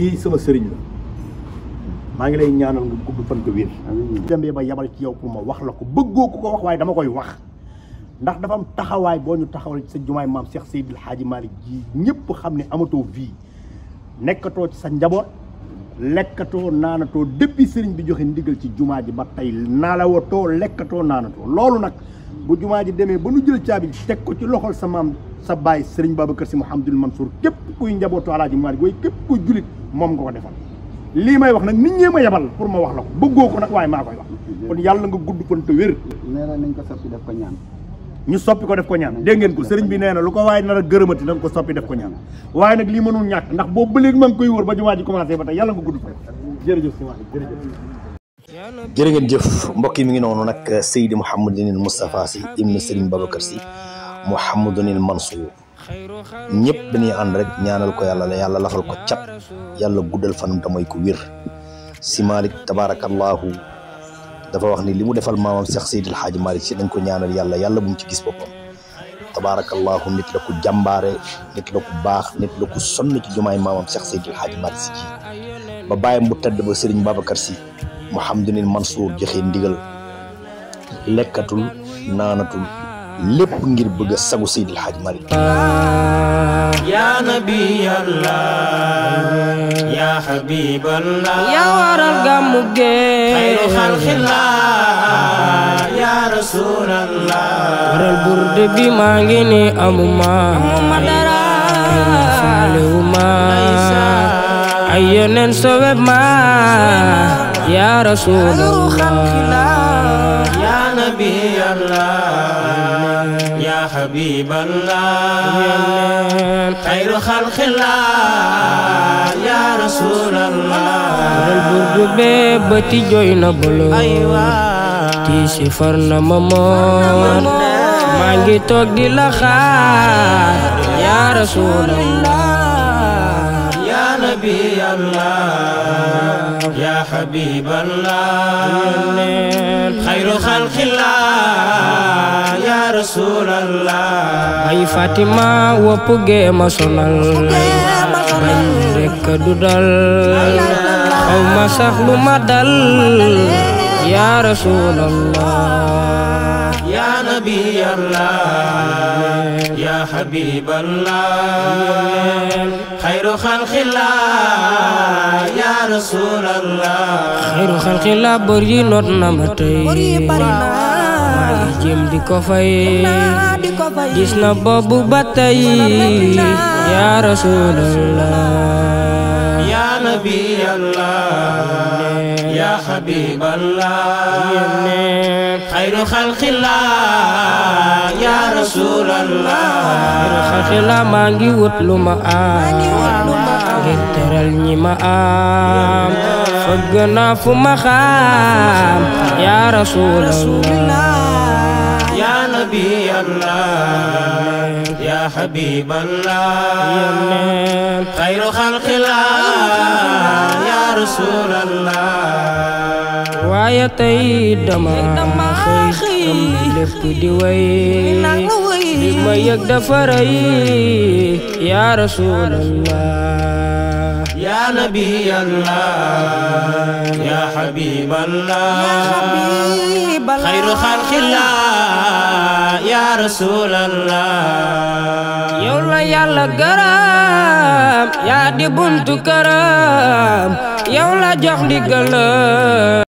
kii sama sëriñ maa ngi lay ñaanal nga gudd fan ko wér demee ci yow ma wax la ko bëggoo ku ko wax waaye dama koy wax ndax dafa am taxawaay boo ñu taxawal ci sa jumaay maam Cheikh Seydil Hadji Malick ji ñëpp xam ne amatoo vie nekkatoo ci sa njaboot lekkatoo naanatoo depuis sëriñ bi joxe ndigal ci jumaa ji ba tey naalawatoo lekkatoo naanatoo loolu nag bu jumaa ji demee ba nu jël caabi ji teg ko ci loxol sa maam sa baay Serigne Babacar Sy Mouhamadoul Mansour képp kuy njabootu alaaji maa ko képp kuy julit moom nga ko defal lii may wax nag nit ñee ma yebal pour ma wax la ko bëggoo ko nag waaye maa koy wax kon yàlla nga gudd fan te wér nee na nañ ko soppi def ko ñaan ñu soppi ko def ko bi nee na lu ko waaye a gërëmati na nga ko soppi def ko ñaan waaye nag lii mënul ñàkk ndax boo ba léegi ma ngi koy wër ba jumaa ji commencé ba tey yàlla nga gudd fan jërëjëf jërë ngeen jëf mbokk yi mi ngi noonu nag Seydi Mouhamadinil Moustapha Sy ibn Serigne Babacar Sy Mouhamadinil Mansour ñëpp dañuy ànd rek ñaanal ko yàlla la yàlla lafal ko cat yàlla guddal fanam te mooy ko wér si Malick tabaarakallaahu dafa wax ni li mu defal maamam Cheikh Seydil Hadji Malick si dañ ko ñaanal yàlla yàlla bu mu ci gis boppam tabaarakallaahu nit la ku jàmbaare nit la ku baax nit la ku sonn ci jumaay maamam Cheikh Seydil Hadji Malick si ji ba bàyyam bu tedd ba Serigne Babacar Mouhamadunil Mansour joxe ndigal lekkatul naanatul lépp ngir bëgg a sagu Seydil Hadj Malick yaa nabi allah yaa habib allah yaa waral gàmmu gee xayru xalqillah yaa rasul allah waral burde bi maa ngi ni amuma amuma dara faalewuma ay yoneen يا رسول الله يا نبي الله يا حبيب الله خير خلق الله يا رسول الله البرد بيبتي جوينا بلو تيسي فرنا ممون مانجي توك دي لخار يا رسول الله يا نبي الله يا حبيب الله خير خلق الله يا رسول الله أي فاطمة وبوغي ما سنال رك دودال أو ما سخلو ما دال يا رسول الله يا نبي الله يا حبيب الله خير خلق الله يا رسول الله خير خلق الله بري نوت نمتي بري بري jéem di ko fay gis na boobu ba tey yaa rasulallah yaa nabi allah حبيب الله خير خلق الله يا رسول الله خير خلق الله ما نجي وطلو ما ngir teral ñi ma am fëgg naa fu ma xam yaa rasulallah نبي الله يا حبيب الله خير خلق الله يا رسول الله waaye tey dama xëy am lépp di way li ma yëg dafa rëy yaa rasulallah يا نبي الله يا حبيب الله خير خلق الله يا رسول الله يا الله يا الله كرام يا دي بنت كرام يا الله جوخ دي